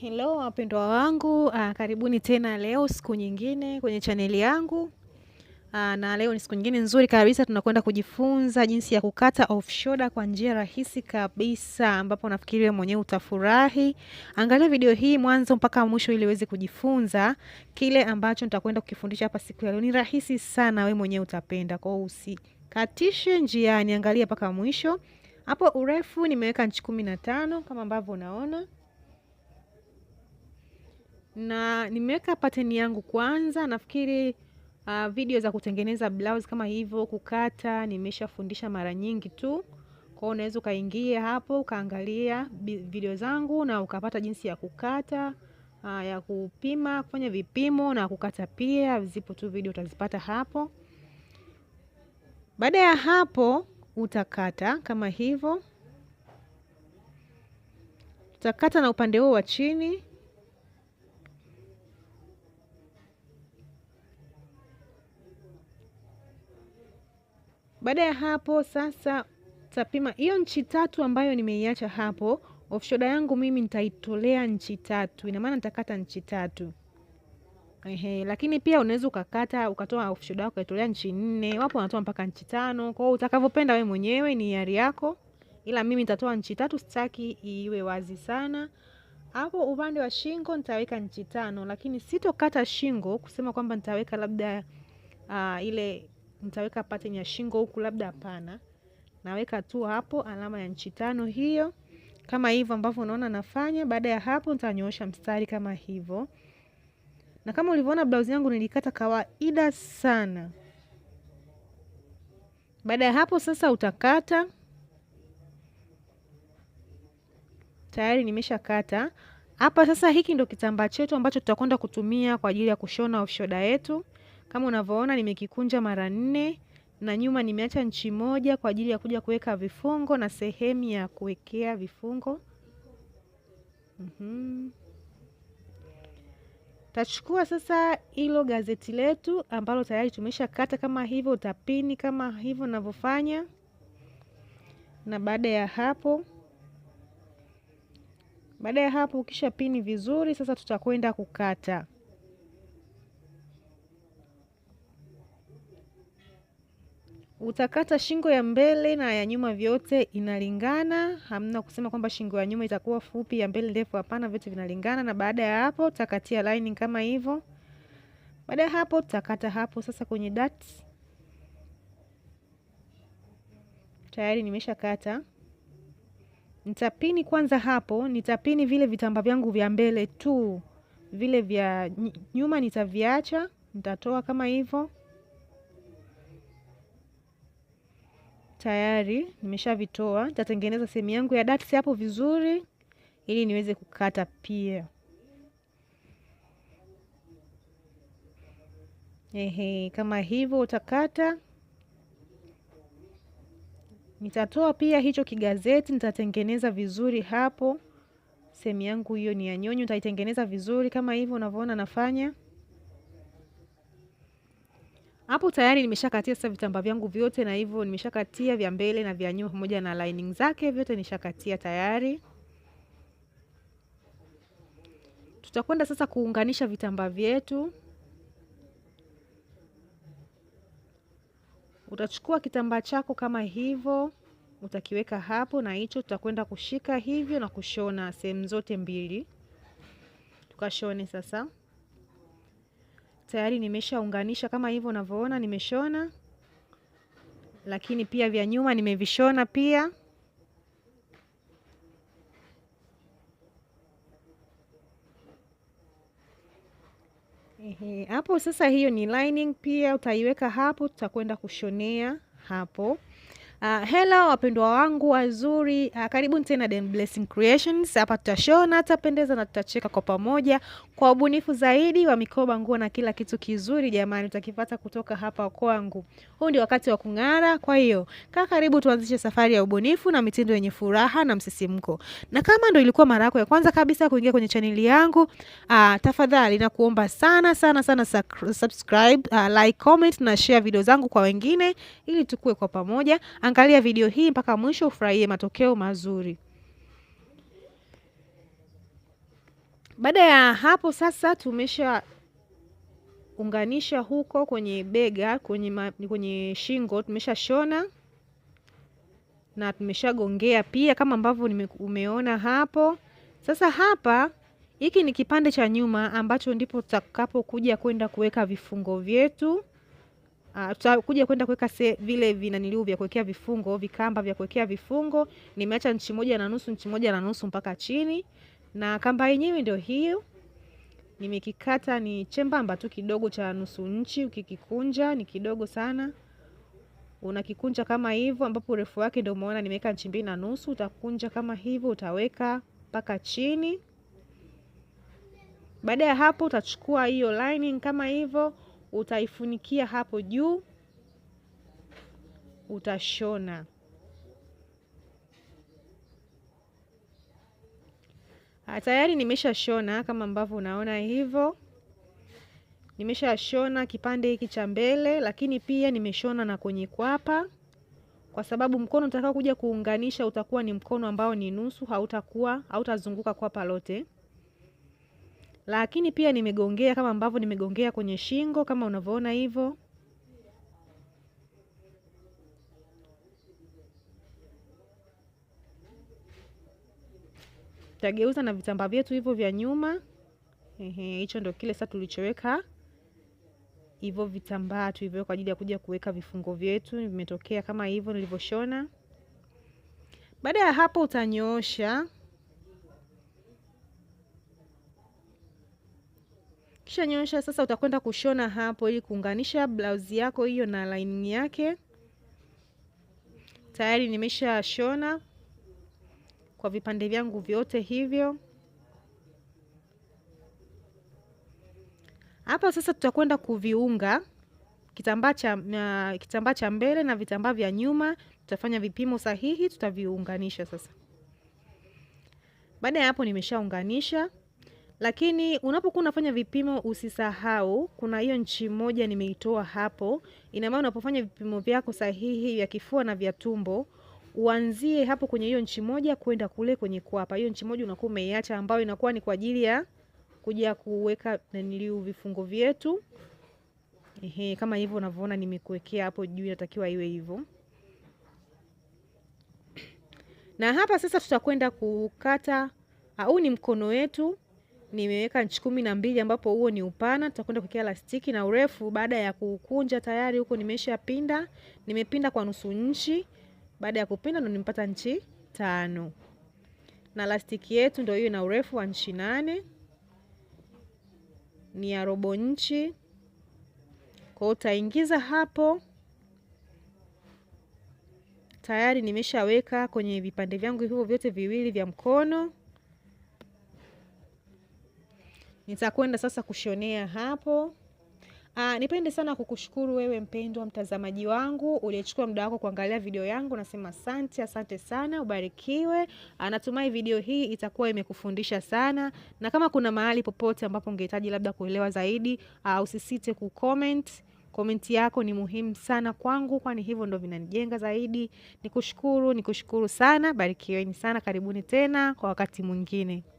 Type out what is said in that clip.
Hello wapendwa wangu, uh, karibuni tena leo siku nyingine kwenye chaneli yangu. uh, na leo ni siku nyingine nzuri kabisa, tunakwenda kujifunza jinsi ya kukata off shoulder kwa njia rahisi kabisa, ambapo nafikiri wewe mwenyewe utafurahi. Angalia video hii mwanzo mpaka mwisho ili uweze kujifunza kile ambacho nitakwenda kukifundisha hapa siku ya leo. Ni rahisi sana, wewe mwenyewe utapenda. Kwa hiyo usikatishe njiani, angalia mpaka mwisho. Hapo urefu nimeweka nchi kumi na tano kama ambavyo unaona na nimeweka pateni yangu kwanza. Nafikiri uh, video za kutengeneza blouse kama hivyo, kukata nimeshafundisha mara nyingi tu. Kwa hiyo unaweza ukaingia hapo ukaangalia video zangu na ukapata jinsi ya kukata uh, ya kupima, kufanya vipimo na kukata pia. Zipo tu video utazipata hapo. Baada ya hapo utakata kama hivyo, utakata na upande huo wa chini Baada ya hapo sasa tapima hiyo nchi tatu ambayo nimeiacha hapo. Ofshoda yangu mimi nitaitolea nchi tatu, ina maana nitakata nchi tatu. Ehe, lakini pia unaweza ukakata ukatoa ofshoda yako ukaitolea nchi nne, wapo wanatoa mpaka nchi tano. Kwa hiyo utakavyopenda wewe mwenyewe, ni hiari yako, ila mimi nitatoa nchi tatu, sitaki iwe wazi sana. Hapo upande wa shingo nitaweka nchi tano, lakini sitokata shingo kusema kwamba nitaweka labda uh, ile nitaweka pattern ya shingo huku, labda hapana, naweka tu hapo alama ya nchi tano hiyo, kama hivyo ambavyo unaona nafanya. Baada ya hapo, nitanyoosha mstari kama hivyo, na kama ulivyoona blouse yangu nilikata kawaida sana. Baada ya hapo sasa utakata tayari nimeshakata hapa. Sasa hiki ndo kitambaa chetu ambacho tutakwenda kutumia kwa ajili ya kushona ushoda yetu. Kama unavyoona nimekikunja mara nne na nyuma nimeacha nchi moja kwa ajili ya kuja kuweka vifungo na sehemu ya kuwekea vifungo. mm Tachukua sasa hilo gazeti letu ambalo tayari tumesha kata kama hivyo, utapini kama hivyo ninavyofanya, na baada ya hapo baada ya hapo, ukisha pini vizuri, sasa tutakwenda kukata. Utakata shingo ya mbele na ya nyuma, vyote inalingana. Hamna kusema kwamba shingo ya nyuma itakuwa fupi, ya mbele ndefu, hapana, vyote vinalingana. Na baada ya hapo utakatia lining kama hivyo. Baada ya hapo utakata hapo sasa kwenye dart. Tayari nimeshakata. Nitapini kwanza hapo, nitapini vile vitamba vyangu vya mbele tu, vile vya nyuma nitaviacha, nitatoa kama hivyo tayari nimeshavitoa. Nitatengeneza sehemu yangu ya datsi hapo vizuri, ili niweze kukata pia. Ehe, kama hivyo utakata. Nitatoa pia hicho kigazeti, nitatengeneza vizuri hapo sehemu yangu hiyo. Ni ya nyonyo, nitaitengeneza vizuri kama hivyo unavyoona nafanya. Hapo tayari nimeshakatia sasa vitambaa vyangu vyote, na hivyo nimeshakatia vya mbele na vya nyuma pamoja na lining zake vyote nishakatia tayari. Tutakwenda sasa kuunganisha vitambaa vyetu. Utachukua kitambaa chako kama hivyo, utakiweka hapo, na hicho tutakwenda kushika hivyo na kushona sehemu zote mbili, tukashone sasa tayari nimeshaunganisha kama hivyo unavyoona nimeshona, lakini pia vya nyuma nimevishona pia. Ehe, hapo sasa, hiyo ni lining pia utaiweka hapo, tutakwenda kushonea hapo. Uh, hello wapendwa wangu wazuri, uh, ah, karibuni tena Dem Blessing Creations. Hapa tutashona, tutapendeza na tutacheka kwa pamoja kwa ubunifu zaidi wa mikoba, nguo na kila kitu kizuri. Jamani, utakipata kutoka hapa kwangu. Huu ndio wakati wa kung'ara. Kwa hiyo kaa karibu, tuanzishe safari ya ubunifu na mitindo yenye furaha na msisimko. Na kama ndo ilikuwa mara yako ya kwanza kabisa kuingia kwenye chaneli yangu, uh, tafadhali nakuomba sana sana sana subscribe, uh, like, comment na share video zangu kwa wengine ili tukue kwa pamoja. Angalia video hii mpaka mwisho ufurahie matokeo mazuri. Baada ya hapo sasa tumesha unganisha huko kwenye bega kwenye, kwenye shingo tumeshashona na tumeshagongea pia kama ambavyo umeona hapo. Sasa hapa hiki ni kipande cha nyuma ambacho ndipo tutakapokuja kwenda kuweka vifungo vyetu. Ah, tutakuja kwenda kuweka vile vinaniliu vya kuwekea vifungo, vikamba vya kuwekea vifungo. Nimeacha nchi moja na nusu, nchi moja na nusu mpaka chini, na kamba yenyewe ndio hiyo. Nimekikata ni chembamba tu kidogo cha nusu nchi, ukikikunja ni kidogo sana, unakikunja kama hivyo, ambapo urefu wake ndio umeona nimeweka nchi mbili na nusu. Utakunja kama hivyo, utaweka mpaka chini. Baada ya hapo utachukua hiyo lining kama hivyo utaifunikia hapo juu, utashona ah, tayari. Nimeshashona kama ambavyo unaona hivyo, nimeshashona kipande hiki cha mbele, lakini pia nimeshona na kwenye kwapa, kwa sababu mkono utakao kuja kuunganisha utakuwa ni mkono ambao ni nusu, hautakuwa hautazunguka kwapa lote lakini pia nimegongea kama ambavyo nimegongea kwenye shingo kama unavyoona hivyo. tageuza na vitambaa vyetu hivyo vya nyuma. Ehe, hicho ndio kile sasa tulichoweka hivyo vitambaa tulivyoweka kwa ajili ya kuja kuweka vifungo vyetu, vimetokea kama hivyo nilivyoshona. Baada ya hapo utanyoosha nyosha sasa, utakwenda kushona hapo ili kuunganisha blauzi yako hiyo na lining yake. Tayari nimesha shona kwa vipande vyangu vyote hivyo. Hapa sasa tutakwenda kuviunga kitambaa cha kitambaa cha mbele na vitambaa vya nyuma, tutafanya vipimo sahihi, tutaviunganisha sasa. Baada ya hapo nimeshaunganisha lakini unapokuwa unafanya vipimo usisahau, kuna hiyo nchi moja nimeitoa hapo, ina maana unapofanya vipimo vyako sahihi vya kifua na vya tumbo uanzie hapo kwenye hiyo nchi moja kwenda kule kwenye kwapa. Hiyo nchi moja unakuwa umeiacha, ambayo inakuwa ni kwa ajili ya kuja kuweka naniliu vifungo vyetu. Ehe, kama hivyo unavyoona nimekuwekea hapo juu, inatakiwa iwe hivyo. Na hapa sasa tutakwenda kukata au ni mkono wetu nimeweka nchi kumi na mbili ambapo huo ni upana, tutakwenda kuwekea elastiki na urefu. Baada ya kukunja tayari huko nimeshapinda, nimepinda kwa nusu nchi. Baada ya kupinda ndo nimepata nchi tano, na elastiki yetu ndio hiyo, na urefu wa nchi nane, ni ya robo nchi. Kwa hiyo utaingiza hapo tayari nimeshaweka kwenye vipande vyangu hivyo vyote viwili vya mkono. Nitakwenda sasa kushonea hapo. Aa, ah, nipende sana kukushukuru wewe mpendwa mtazamaji wangu uliyechukua muda wako kuangalia video yangu. Nasema asante, asante sana, ubarikiwe. Ah, natumai video hii itakuwa imekufundisha sana, na kama kuna mahali popote ambapo ungehitaji labda kuelewa zaidi, aa, ah, usisite kucomment. Komenti yako ni muhimu sana kwangu, kwani hivyo ndo vinanijenga zaidi. Nikushukuru, nikushukuru sana, barikiweni sana, karibuni tena kwa wakati mwingine.